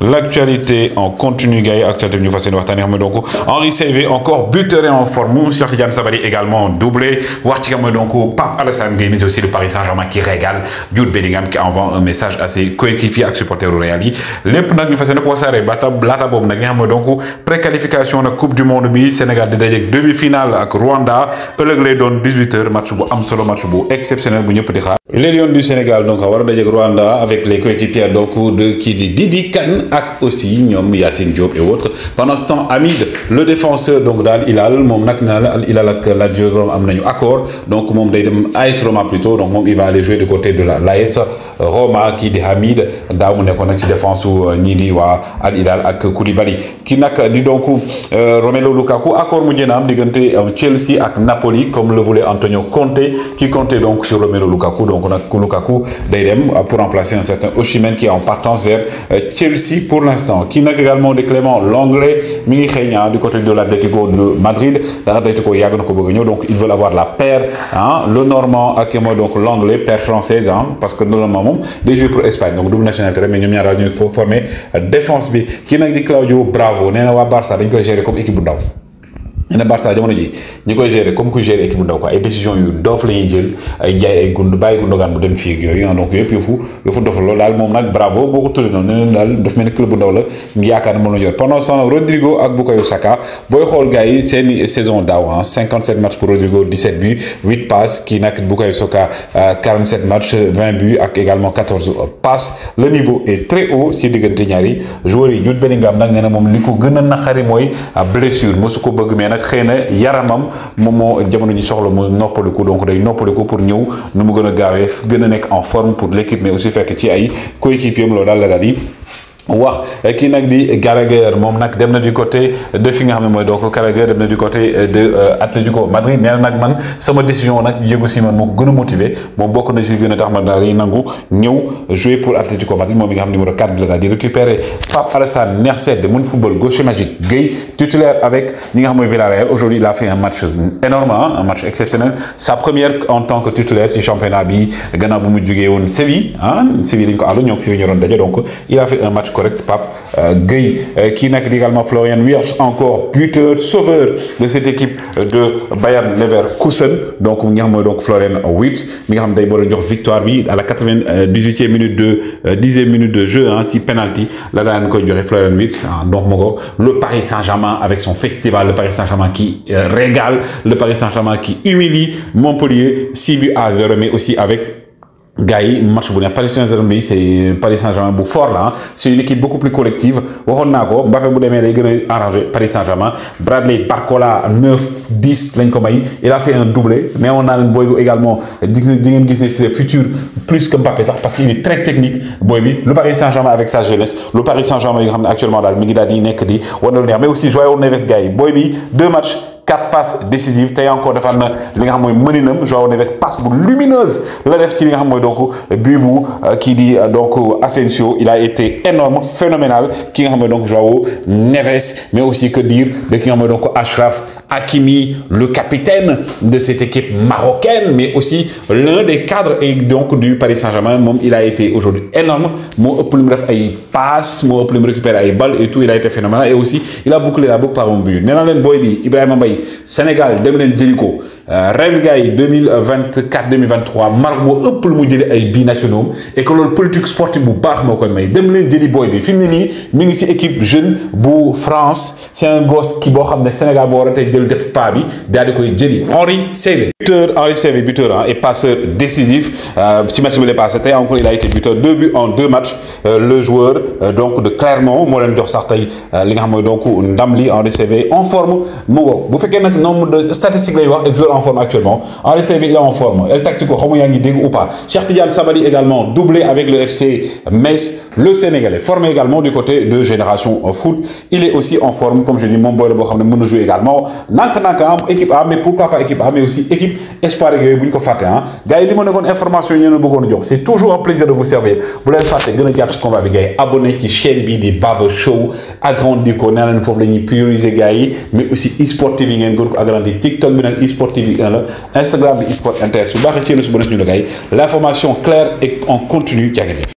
L'actualité en continu, Gaïa, actualité de Fassine Wartaner donc Henri Seyvé encore buteur en forme. Tidiane Sabali également doublé. Wartigan donc Pape Alassane Gueye, mais aussi le Paris Saint-Germain qui régale. Jude Bellingham qui envoie un message à ses coéquipiers et supporters au Real. Les Pnag du Fassine Bata, Blata Bob Nagna pré préqualification de Coupe du Monde, Sénégal de demi-finale avec Rwanda. Le donne 18h, match Amsolo, match exceptionnel, Bougnou Pédéra. Les Lions du Sénégal donc war a Rwanda avec les coéquipiers donc de Kidi Didi Kan ak aussi Diop et autres pendant ce temps Hamid le défenseur donc dal Hilal a il a la Al accord donc mom day dem Roma plutôt donc il va aller jouer du côté de la l'AS Roma qui de Hamid daaw mu nekkoon nag ci défense euh, ñi di Al Hilal ak Koulibaly ki nak di donc euh, Romelu Lukaku accord mu jëna am euh, Chelsea ak Napoli comme le voulait Antonio Conte qui comptait donc sur Romelu Lukaku donc donc day dem euh, pour remplacer un certain Osimhen qui est en partance vers euh, Chelsea pour l'instant Qui n'a également des Clément l'anglais, hein, du côté de l'Atlético de Madrid donc ils veulent avoir la paire hein, le normand ak donc l'anglais paire française hein, parce que normalement moom des joueurs pour Espagne donc double nationalité mais il ñaar ñu ñuy former euh, défense bi qui nak di Claudio Bravo néna na Barça dañ koy gérer comme équipe bu ñu ne Barça jamono ji ñi koy gérer comme kuy gérer équipe bu ndaw quoi ay décision yu doof la ñuy jël ay jaay ay gund bàyyi gundogaan bu dem fii ak yooyu ah donc yëpp yëfu yëfu dof loolu daal moom bravo boo ko tuddee noonu nee daal daf mel ni club bu ndaw la ñu yaakaar ne moom la ñu pendant ce temps Rodrigo ak Bukayo Saka booy xool gars yi saison daaw 57 hein, matchs pour Rodrigo 17 buts 8 passes kii nag Bukayo Saka 47 euh, matchs 20 buts ak également 14 passes le niveau est très haut si diggante ñaari joueurs yi Jude Bellingham nag nee na moom li ko gën a naqari mooy euh, blessure mosu ko bëgg mais nag xëy yaramam Momo, en forme pour l'équipe mais aussi fekk ci ay wax ki nak di Gallagher mom nak dem du côté de fi nga xam moy donc Gallagher dem du côté de euh, Atlético Madrid nee nak man sama décision qui yëgu si man motivé moom bokk na ci tax nangu jouer pour Atletico Madrid mom nga xam numéro 4 de la di récupérer Pape Alassane Ner de mon football gauche magique gay titulaire avec ñi nga xam Villarreal aujourd'hui il a fait un match énorme hein, un match exceptionnel sa première en tant que titulaire du championnat bi Ghana bu mu joggé won Séville hein Séville ko ñok Séville donc il a fait un match correct, Pape euh, euh qui n'a également Florian Wirtz, encore buteur, sauveur de cette équipe de Bayern Leverkusen. Donc, nous avons donc Florian Wirtz, nous avons une victoire à la 98e minute de 10e euh, minute de jeu, un hein, petit penalty. Là, dernière nous avons Florian Wirtz, hein. donc le Paris Saint-Germain avec son festival, le Paris Saint-Germain qui euh, régale, le Paris Saint-Germain qui humilie Montpellier, 6 buts à 0, mais aussi avec Gaï, match bu Paris Saint-Germain c'est Paris Saint-Germain bu fort là, hein. c'est une équipe beaucoup plus collective on Mbappé bu Paris Saint-Germain Bradley Barcola 9 10 il a fait un doublé mais on a un boy également di ngeen le futur plus que Mbappé parce qu'il est très technique booy le Paris Saint-Germain avec sa jeunesse le Paris Saint-Germain actuellement là, mi ngi daal di mais aussi Joao Neves gaï yi deux matchs quatre passes décisives tey encore defaat na li nga xam mooy Joao Neves passe pour lumineuse la def ci est nga xam donc Bubu qui euh, dit euh, donc euh, Asensio il a été énorme phénoménal Qui nga xam donc Joao Neves mais aussi que dire de qui nga xam donc Achraf Hakimi le capitaine de cette équipe marocaine mais aussi l'un des cadres et donc du Paris Saint-Germain il a été aujourd'hui énorme moo ëpp lu mu def ay passes récupérer ay balles et tout il a été phénoménal et aussi il a bouclé la boucle par un but nee Sénégal dem Djeliko, 2024 2023 Margot un peu mu et que le politique sportive bu baax moo koy may dem jëli bi équipe jeune bu France c'est un gosse qui bon, xam Sénégal boo war a tey jël def Henri CV. buteur Henri Saivet buteur hein, et passeur décisif euh, si match bi la passé encore il a été buteur deux buts en deux matchs euh, le joueur euh, donc de Clermont moo leen jox sax donc Ndamli, Henri en forme mu fekkee notre nombre de statistiques lay wax et joueur en forme actuellement Henri Saivet il est en forme El Tactico xamu yaa ngi dégg ou pas Cheikh Tidiane Sabali également doublé avec le FC Metz le Sénégalais formé également du côté de Génération Foot il est aussi en forme comme je dis mon boy le boo xam ne mën na jouer également nank équipe A mais pourquoi pas équipe A mais aussi équipe espoir yooyu bu ñu ko fàtte ah gars yi li ma nekkoon information ñu jox c'est toujours un plaisir de vous servir bu leen fàtte gën a jàpp ci combat bi gars yi abonné ci chaîne bi di Baba Show agrandi ko nee nañ foofu la ñuy prioriser gars yi mais aussi eSport TV bi ngeen gën ko agrandi TikTok bi nag e-sport TV 1 la Instagram bi e-sport Inter su baaxee ci yéen su ba suñu la gars yi l'information claire et en continu jaa